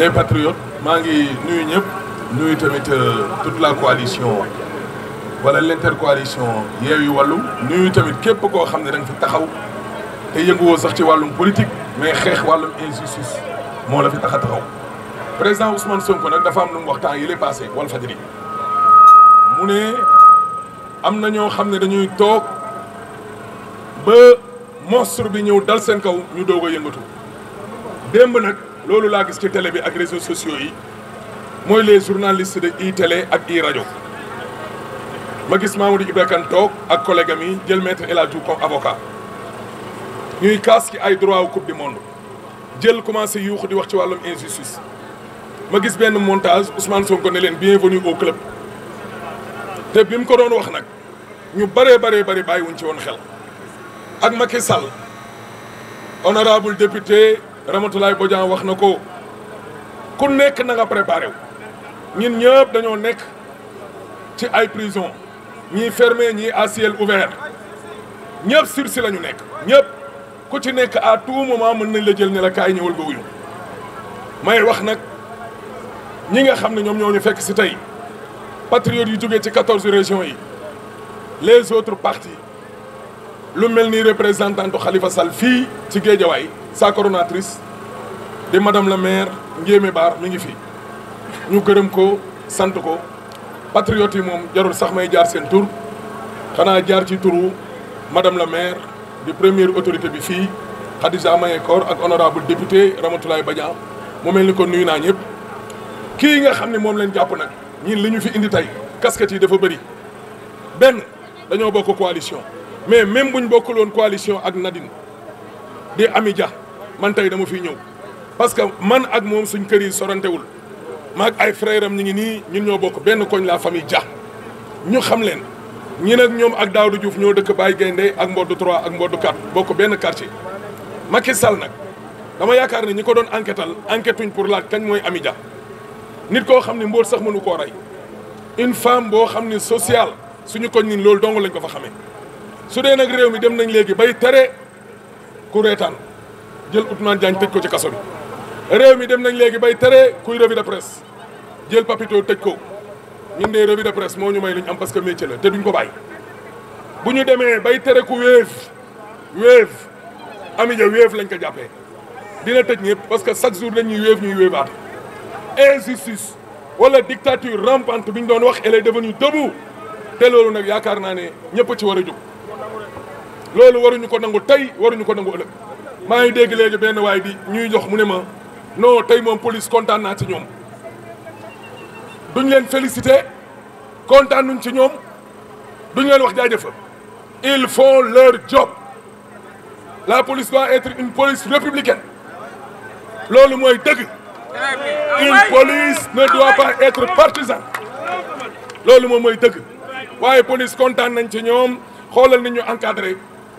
les patriotes maa ngi nuyu ñëpp nuyu tamit euh, toute la coalition wala l'intercoalition Yewwi Wallu nuyu tamit képp koo xam ne da fi taxaw te yënguwoo sax ci wàllum politique mais xeex wàllum injustice moo la fi tax a taxaw président Ousmane Sonko nag dafa am lu mu waxtaan yi lay passé Walfadjri mu ne am na ñoo xam ne dañuy toog ba monstre bi ñëw dal seen kaw ñu doog a démb nag. loolu laa gis ci télé bi ak réseaux sociaux yi mooy les journalistes de i télé ak i rajo ma gis Mamadou Ibra Kane toog ak collègue yi jël maître El Hadji Diouf ñuy kaas ci ay droit wu coupe du jël commencé yuuxu di wax ci wàllum injustice ma gis benn montage Ousmane Sonko ne leen bienvenue au club te bi mu ko doon wax nag ñu bëree bëree bëri bàyyiwuñ ci woon xel ak Macky Sall honorable député Ramatoulaye Bodian wax na ko ku nekk na nga préparé wu ñëpp dañoo nekk ci ay prison ñii fermé ñii à ciel ouvert ñëpp sursis la ñu nekk ñëpp ku ci nekk à tout moment mën nañ la jël ne la kaay ñëwal nga wuyu may wax nag ñi nga xam ne ñoom ñoo ñu fekk si tey patriotes yu jógee ci quatorze régions yi les autres partis lu mel ni représentant du Khalifa Sall fii ci Géejawaay sa coronatrice di madame la maire Ndiémé Baar mi ngi fi ñu gërëm ko sant ko patriote yi moom jarul sax may jaar seen tur xanaa jaar ci turu madame la maire di première autorité bi fii Khadija Mayekor ak honorable député Ramatoulaye Badiane mu mel ni ko nuyu naa ñëpp kii nga xam ne moom leen jàpp nag ñin li ñu fi indi tey casquette yi dafa bëri benn dañoo bokk coalition mais même buñ bokkul woon coalition ak Nadine di Ami Dia man tey dama fi ñëw parce que man ak moom suñ kër yi sorantewul maag ay frère am ñu ngi nii ñu ñoo bokk benn koñ la famille Dia ñu xam leen ñi nag ñoom ak Daouda Diouf ñoo dëkk bay Gaynde ak Mbodd 3 ak Mbodd 4 bokk benn quartier Macky sal nag dama yaakaar ne ñi ko doon enquêtal enquêtuñ pour laaj kañ mooy Ami ja nit koo xam ne mbóot sax mënu koo rey une femme boo xam ne sociale suñu koñ ni loolu dong lañ ko fa xamee su dee nag réew mi dem nañ léegi bay tere ku jël Ousmane Diagne tëj ko ci kaso bi dem nañ léegi bay tere kuy revue de presse jël papito tëj ko ñun de revue de presse moo ñu may lu am parce que métier la te duñ ko bàyyi. bu ñu demee bay tere ku wéef wéef amija wéef lañ ko jàppe dina tëj ñëpp parce que chaque jour dañuy wéef ñuy wéefaat injustice wala dictature rampante bi ñu doon wax elle est devenue debout te loolu nag yaakaar naa ne ñëpp ci war a jóg loolu waruñu ko nangu tey waruñu ko nangu ëllëg. maa ngi dégg léegi benn waay di ñuy jox mu ne ma noo tey moom police kontaan naa ci ñoom duñ leen félicité kontaan nuñ ci ñoom duñ leen wax jaajëfa ils font leur job la police doit être une police républicaine loolu mooy dëgg une police ne doit pas être partisane loolu moom mooy dëgg waaye police kontaan nañ ci ñoom xoolal ni ñu encadré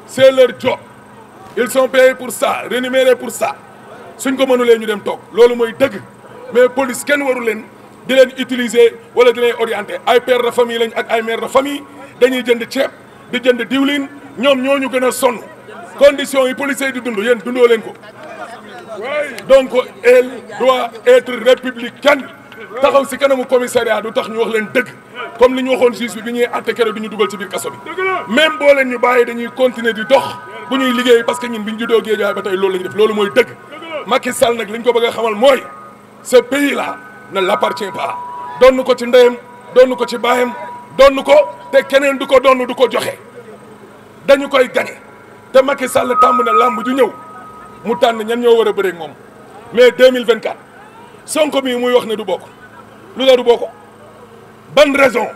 c'est leur job ils sont payés pour ça rémunérés pour ça suñ ko mënulee ñu dem toog loolu mooy dëgg mais police kenn warul leen di leen utilisé wala di leen orienter ay père de famille lañ ak ay mère de famille dañuy jënd ceeb di jënd diwlin ñoom ñoo ñu gën a sonn conditions yi policiers yi di dund yéen dundoo leen ko donc elle doit être républicaine taxaw si kanamu commissariat du tax ñu wax leen dëgg comme li ñu waxoon juge bi ñuy àtte kere du ñu dugal ci biir kaso bi même boo leen dañuy continuer di dox bu ñuy liggéey parce que ñun bi ñu juddoo Guédiawaye ba tey loolu la ñu def loolu mooy dëgg Macky Sall nag li ñu ko bëgg a xamal mooy ce pays là ne l'appartient pas donn ko ci ndeyam donn ko ci baayam donn ko te keneen du ko donn du ko joxe dañu koy gañe te Macky Sall tàmm na làmb ju ñëw mu tànn ñan ñoo war a bëre moom mais 2024 Sonko mii muy wax ne du bokk lu la du bokk ban raison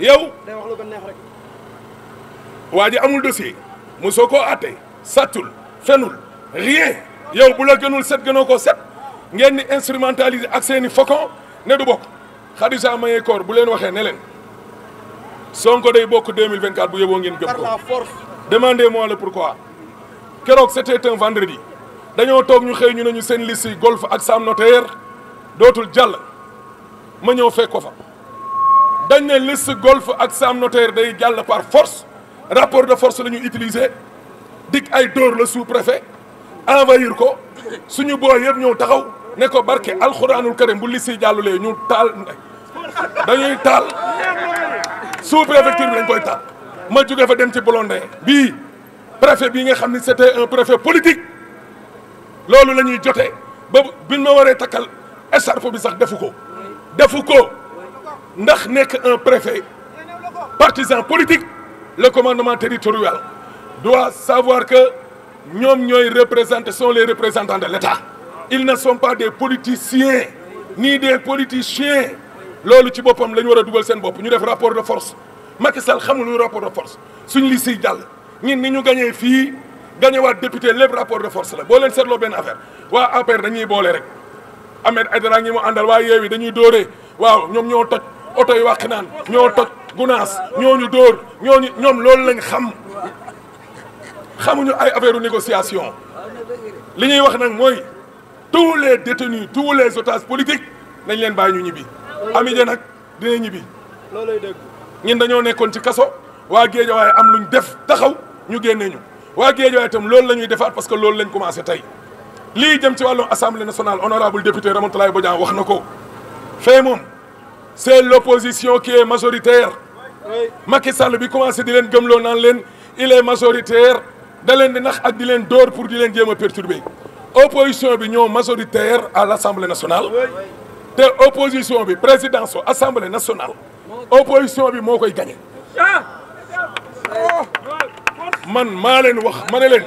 yow waa ji amul dossier mosoo koo atte sàccul fenul rien yow bu la gënul set gënoo ko set ngeen ni instrumentaliser ak seeni i fokon ne du bokk Khadija Maye Koor bu leen waxee ne leen Sonko day bokk 2024 bu yóbboo ngeen gëm ko demandez-moi le pourquoi keroog c'était un vendredi dañoo toog ñu xëy ñu ne ñu seen liste yi golf ak Sam Notaire dootul jàll ma ñëw fekk ko fa dañ ne liste golf ak Sam Notaire day jàll par force rapport de force la ñu utiliser dig ay dóor la sous-préfet envahir ko suñu boo yëpp ñëw taxaw ne ko barke alxuraanul karim bu lissi jàllulee ñu taal dañuy taal sous-préfecture bi dañ koy taal. ma jóge fa dem ci Blondin bii préfet bii nga xam ni c'était un préfet politique loolu la ñuy jotee ba bi ma waree takkal écharpe bi sax defu ko. defu ko ndax nekk un préfet partisan politique. le commandement territorial doit savoir que ñoom ñooy représenter sont les représentants de l'État ils ne sont pas des politiciens nii des politiciens loolu ci boppam la war a dugal seen bopp ñu def rapport de force Macky Sall xamul ñu rapport de force suñ li siy jàll ñin ni ñu gañee fii gañewaat député lépp rapport de force la boo leen seetloo benn affaire waa APR dañuy boole rek Ahmed Aïdara ngi mu àndal waa Yewwi dañuy dóoree waaw ñoom ñoo toj oto yi wàq naan gunaas ñooñu door ñooñu ñoom loolu lañ xam xamuñu ay affaire négociation li ñuy wax nag mooy tous les détenus tous les otages politiques nañ leen bàyyi ñu ñibbi. Amidia nag dina ñibbi. loolay dégg ñun dañoo nekkoon ci kaso waa Guédiawaye am luñ def taxaw ñu génnee ñu waa Guédiawaye itam loolu la ñuy defaat parce que loolu lañ commencé tey. lii jëm ci wàllum assemblée nationale honorable député Ramatoulaye Bodian wax na ko. fee moom c'est l'opposition ki est majoritaire. Macky Sall bi commencé di leen gëmloo naan leen il est majoritaire da leen di nax ak di leen dóor pour di leen jéem a perturber opposition bi ñoo majoritaire à l' assemblée nationale. te opposition bi président su assemblée nationale opposition bi moo koy gagné. man maa leen wax ma leen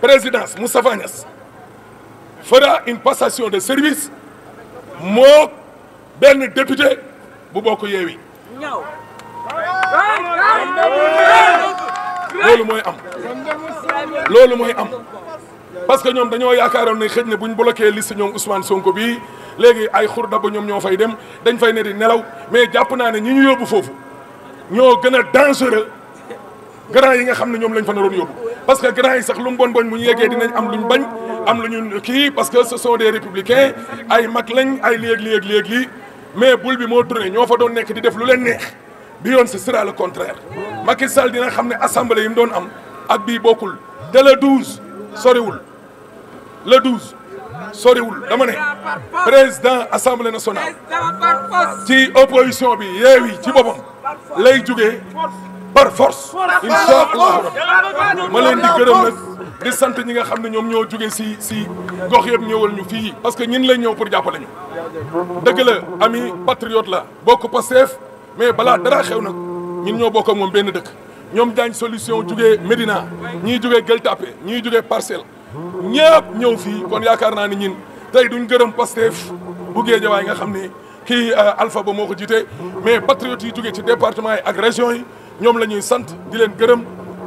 présidence Moustapha Niasse fera une passation de service moo benn député bu bokk yeewi loolu mooy am loolu mooy am parce que ñoom dañoo yaakaaroon ne xëj na buñ bloqué liste ñoom Ousmane Sonko bi léegi ay xur daba ñoom ñoo fay dem dañ fay ne di nelaw mais jàpp naa ne ñi ñu yóbbu foofu ñoo gën a dangereux grand yi nga xam ne ñoom lañ fa naroon yóbbu parce que grand yi sax lu mu bon boñ bu ñu yeggee dinañ am luñ bañ am lu ñu kii parce que ce sont des ay mag lañ ay léeg léeg léeg mais bul bi moo tourné ñoo fa doon nekk di def lu leen neex. bi yoon ce sera le contraire Macky Sall dina xam ne assemblée yi mu doon am ak bii bokkul te le 12 soriwul le 12 soriwul dama ne président assemblée nationale ci opposition bi yeewi ci boppam lay jugee par force incha allah ma leen di gërëm nag di sant ñi nga xam ne ñoom ñoo jugee si si gox yëpp ñëwal ñu fii parce que ñin lay ñëw pour jàppale ñu dëgg la ami patriote la bokk Pastef mais balaa dara xew nag ñun ñoo bokk ak moom benn dëkk ñoom jaañ solution jugee Médina ñii jugee Gueule Tapée ñii jugee Parcelles ñëpp ñëw fii kon yaakaar naa ni ñin tey duñ gërëm Pastef bu Guédiawaye nga xam ne kii euh, Alpha Ba moo ko jiite mais patriotes yi jugee ci département yi ak région yi ñoom la ñuy sant di leen gërëm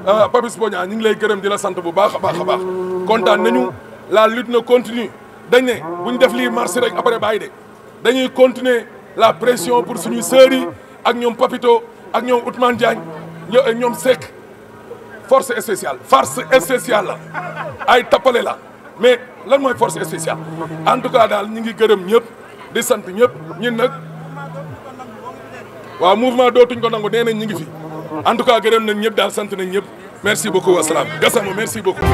euh, Papis Boña ñu ngi lay gërëm di la sant bu baax a baax a baax kontaan nañu la lutte ne continue dañ ne buñ def lii marché rek après bàyyi de dañuy continuer la pression pour suñu sœurs yi ak ñoom Papito ak ñoom Ousmane Diagne eh, ñoom Seck force spéciale force spéciale la ay tappale la mais lan mooy force spéciale en tout cas daal ñu ngi gërëm ñëpp di sant ñëpp ñun nag waaw mouvement dootuñ ko nangu nee nañ ñu ngi fi en tout cas gërëm nañ ñëpp daal sant nañ ñëpp merci beaucoup wasalaam Gassama merci beaucoup